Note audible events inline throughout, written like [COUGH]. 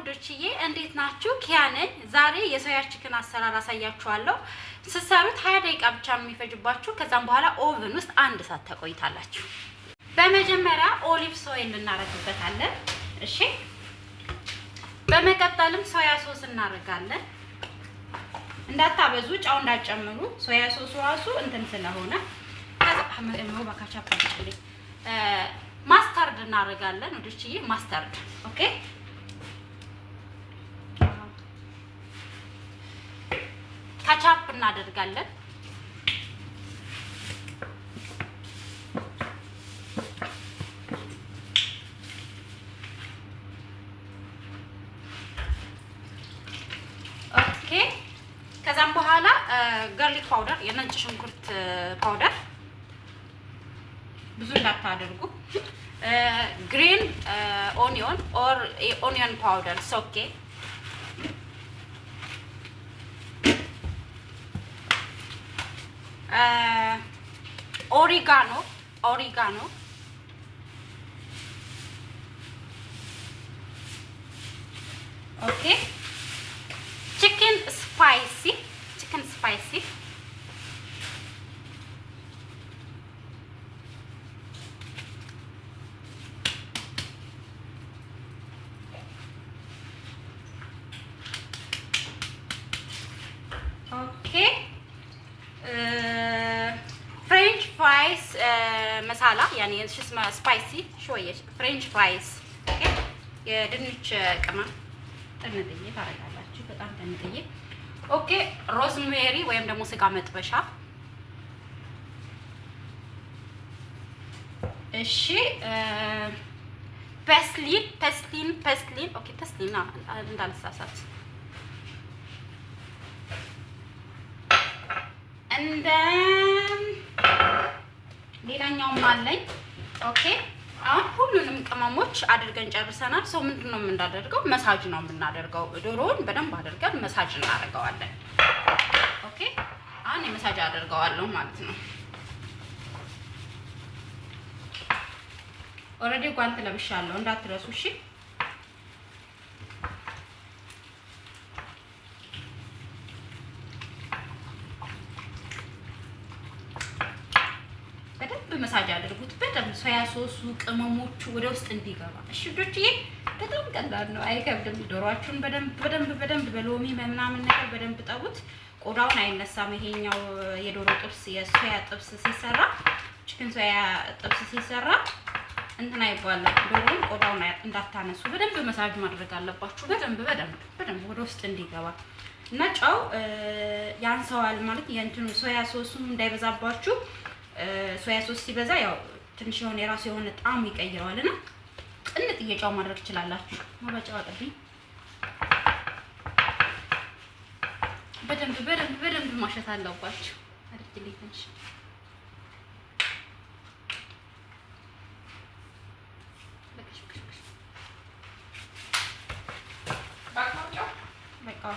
ውዶችዬ እንዴት ናችሁ? ኪያ ነኝ። ዛሬ የሶያ ቺክን አሰራር አሳያችኋለሁ። ስሰሩት ሀያ ደቂቃ ብቻ ነው የሚፈጅባችሁ። ከዛም በኋላ ኦቭን ውስጥ አንድ ሰዓት ተቆይታላችሁ። በመጀመሪያ ኦሊቭ ሶይል እናደርግበታለን። እሺ። በመቀጠልም ሶያ ሶስ እናደርጋለን። እንዳታበዙ፣ ጫው እንዳጨምሩ። ሶያ ሶስ ራሱ እንትን ስለሆነ ማስታርድ እናደርጋለን ውዶችዬ፣ ማስታርድ ኦኬ እናደርጋለን። ኦኬ ከዛም በኋላ ገርሊክ ፓውደር የነጭ ሽንኩርት ፓውደር ብዙ እንዳታደርጉ ግሪን ኦኒዮን ኦር ኦኒዮን ፓውደር ሶኬ Eh, origano, origano. Okay. ሀላ ያኔ እሺ፣ ስማ ስፓይሲ ሾየ ፍሬንች ፍራይስ ኦኬ። የድንች ቅመም ጥንጥዬ ታረጋላችሁ፣ በጣም ጥንጥዬ። ኦኬ፣ ሮዝሜሪ ወይም ደግሞ ስጋ መጥበሻ። እሺ፣ ፐስሊን ፐስሊን ፐስሊን። ኦኬ፣ ፐስሊን እንዳልሳሳት እንደ ሌላኛውም አለኝ። ኦኬ አሁን ሁሉንም ቅመሞች አድርገን ጨርሰናል። ሰው ምንድን ነው የምናደርገው? መሳጅ ነው የምናደርገው። ዶሮውን በደንብ አድርገን መሳጅ እናደርገዋለን። ኦኬ አሁን የመሳጅ አደርገዋለሁ ማለት ነው። ኦልሬዲ ጓንት ለብሻለሁ እንዳትረሱ እሺ። መሳጅ አድርጉት በደንብ ሶያ ሶሱ ቅመሞቹ ወደ ውስጥ እንዲገባ። እሺ ዶችዬ በጣም ቀላል ነው፣ አይከብድም። ዶሯችሁን በደንብ በደንብ በደንብ በሎሚ ምናምን ነገር በደንብ ጠቡት። ቆዳውን አይነሳም። ይሄኛው የዶሮ ጥብስ የሶያ ጥብስ ሲሰራ ቺክን ሶያ ጥብስ ሲሰራ እንትን አይባልም። ዶሮን ቆዳውን እንዳታነሱ በደንብ መሳጅ ማድረግ አለባችሁ። በደንብ በደንብ በደንብ ወደ ውስጥ እንዲገባ እና ጨው ያንሰዋል ማለት የእንትኑ ሶያ ሶሱም እንዳይበዛባችሁ ሶያ ሶስ ሲበዛ ያው ትንሽ የሆነ የራሱ የሆነ ጣዕሙ ይቀይረዋልና ጥንጥ እየጫው ማድረግ ትችላላችሁ። መባጫው አጥብኝ በደንብ በደንብ በደንብ ማሸት አለባችሁ። አድርግልኝ ትንሽ በቃ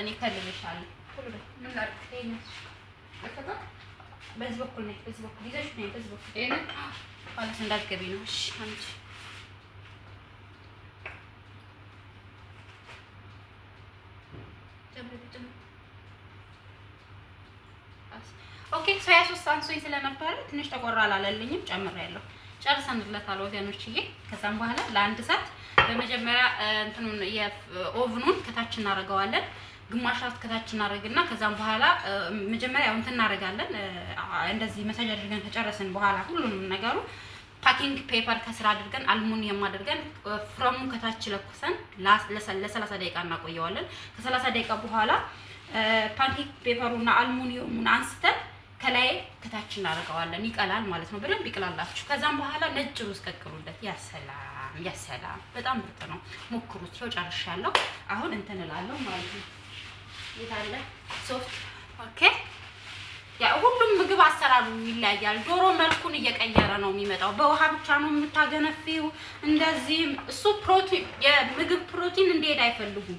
እኔ ከልልሻለሁ። በዚህ በኩል በዚህ በኩል ይዘሽ በዚህ በኩል ኦኬ። ሶያ ሶስት አንሶኝ ስለነበረ ትንሽ ተቆራ አላለልኝም ጨምሬያለሁ። ጨርሰንለታል ወገኖችዬ። ከዛም በኋላ ለአንድ ሰዓት በመጀመሪያ እንትኑን የኦቭኑን ከታች እናደርገዋለን። ግማሽ ራት ከታች እናደርግና ከዛም በኋላ መጀመሪያ ያው እንትን እናደርጋለን። እንደዚህ መሳጅ አድርገን ከጨረስን በኋላ ሁሉንም ነገሩ ፓኪንግ ፔፐር ከስራ አድርገን አልሙኒየም አድርገን ፍረሙ ከታች ለኩሰን ለሰላሳ ደቂቃ እናቆየዋለን። ከሰላሳ ደቂቃ በኋላ ፓኪንግ ፔፐሩና አልሙኒየሙን አንስተን ከላይ ከታች እናደርገዋለን። ይቀላል ማለት ነው። በደንብ ይቅላላችሁ። ከዛም በኋላ ነጭ ሩዝ ቀቅሉለት። ያሰላም ያሰላም፣ በጣም ምርጥ ነው። ሞክሩት። ያው ጨርሻለሁ። አሁን እንትን እላለሁ ማለት ነው። ይታለ ሶፍት ኦኬ። ያ ሁሉም ምግብ አሰራሩ ይለያያል ዶሮ መልኩን እየቀየረ ነው የሚመጣው። በውሃ ብቻ ነው የምታገነፊው እንደዚህ። እሱ ፕሮቲን የምግብ ፕሮቲን እንዲሄድ አይፈልጉም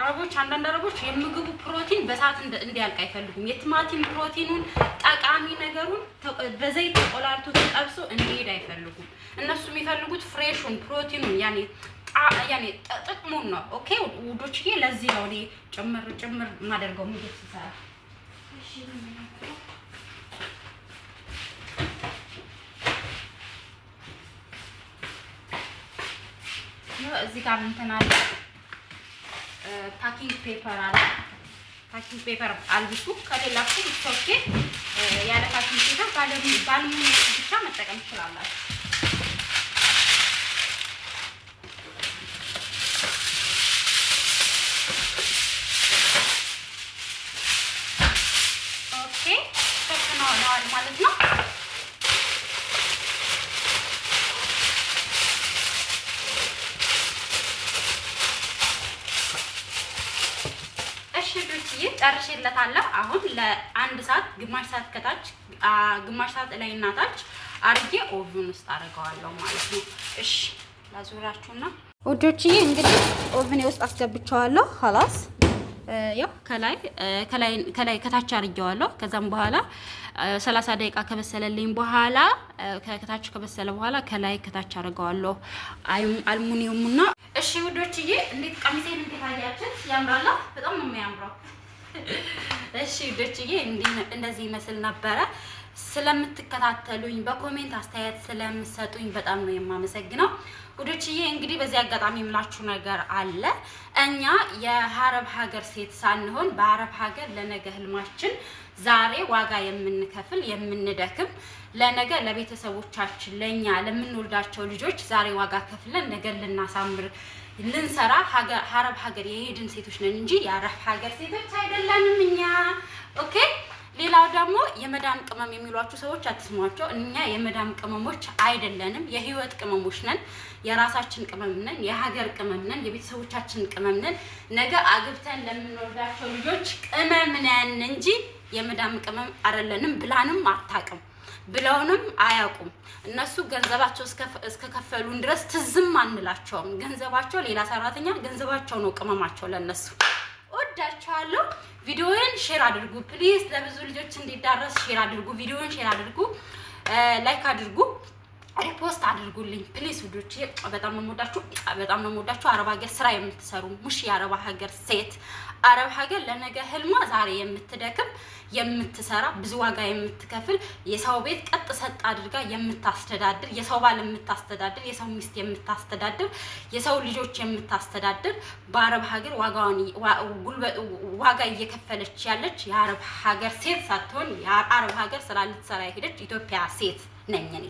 አረቦች። አንዳንድ አረቦች የምግቡ ፕሮቲን በሰዓት እንዲያልቅ አይፈልጉም። የቲማቲም ፕሮቲኑን ጠቃሚ ነገሩን በዘይት ተቆላልቶ ተጠብሶ እንዲሄድ አይፈልጉም። እነሱ የሚፈልጉት ፍሬሹን ፕሮቲኑን ያኔ ጥቅሙን ነው። ኦኬ ውዶችዬ፣ ለዚህ ነው እኔ ጭምር ጭምር የማደርገው ምግብ ስሰራ። እዚህ ጋር እንትን አለ፣ ፓኪንግ ፔፐር አለ። ፓኪንግ ፔፐር አልብሱ። ከሌላችሁ ኦኬ፣ ያለ ፓኪንግ ፔፐር ባለሙያ ብቻ መጠቀም ትችላላችሁ። ብዬ ጨርሼለታለሁ። አሁን ለአንድ ሰዓት ግማሽ ሰዓት ከታች ግማሽ ሰዓት ላይ እናታች አርጌ ኦቭን ውስጥ አድርገዋለሁ ማለት ነው። እሺ ላዙራችሁና ውዶችዬ እንግዲህ ኦቭኔ ውስጥ አስገብቸዋለሁ። ሀላስ ያው ከላይ ከላይ ከላይ ከታች አርጌዋለሁ። ከዛም በኋላ 30 ደቂቃ ከበሰለልኝ በኋላ ከታች ከበሰለ በኋላ ከላይ ከታች አርገዋለሁ አልሙኒየሙና። እሺ ውዶችዬ እንዴት ቀሚሴን እንዴት አያችን? ያምራላ። በጣም ነው የሚያምረው። [LAUGHS] እሺ ውዶችዬ እንደዚህ ይመስል ነበረ። ስለምትከታተሉኝ በኮሜንት አስተያየት ስለምሰጡኝ በጣም ነው የማመሰግነው። ውዶችዬ እንግዲህ በዚህ አጋጣሚ የምላችሁ ነገር አለ። እኛ የአረብ ሀገር ሴት ሳንሆን በአረብ ሀገር ለነገ ህልማችን ዛሬ ዋጋ የምንከፍል የምንደክም፣ ለነገ ለቤተሰቦቻችን፣ ለእኛ ለምንወልዳቸው ልጆች ዛሬ ዋጋ ከፍለን ነገ ልናሳምር ልንሰራ አረብ ሀገር የሄድን ሴቶች ነን እንጂ የአረብ ሀገር ሴቶች አይደለንም እኛ ኦኬ ሌላው ደግሞ የመዳም ቅመም የሚሏችሁ ሰዎች አትስሟቸው። እኛ የመዳም ቅመሞች አይደለንም፣ የህይወት ቅመሞች ነን። የራሳችን ቅመም ነን፣ የሀገር ቅመም ነን፣ የቤተሰቦቻችን ቅመም ነን። ነገ አግብተን ለምንወልዳቸው ልጆች ቅመም ነን እንጂ የመዳም ቅመም አይደለንም ብላንም አታውቅም ብለውንም አያውቁም። እነሱ ገንዘባቸው እስከከፈሉን ድረስ ትዝም አንላቸውም። ገንዘባቸው ሌላ ሰራተኛ ገንዘባቸው ነው ቅመማቸው ለነሱ። እወዳችኋለሁ። ቪዲዮውን ሼር አድርጉ ፕሊዝ፣ ለብዙ ልጆች እንዲዳረስ ሼር አድርጉ። ቪዲዮውን ሼር አድርጉ፣ ላይክ አድርጉ። ሪፖስት አድርጉልኝ ፕሊስ ውዶች፣ በጣም ነው የምወዳችሁ፣ በጣም ነው የምወዳችሁ። አረብ ሀገር ስራ የምትሰሩ ሙሽ የአረብ ሀገር ሴት አረብ ሀገር ለነገ ህልማ ዛሬ የምትደክም የምትሰራ ብዙ ዋጋ የምትከፍል የሰው ቤት ቀጥ ሰጥ አድርጋ የምታስተዳድር የሰው ባል የምታስተዳድር የሰው ሚስት የምታስተዳድር የሰው ልጆች የምታስተዳድር በአረብ ሀገር ዋጋ እየከፈለች ያለች የአረብ ሀገር ሴት ሳትሆን የአረብ ሀገር ስራ ልትሰራ የሄደች ኢትዮጵያ ሴት ነኝ እኔ።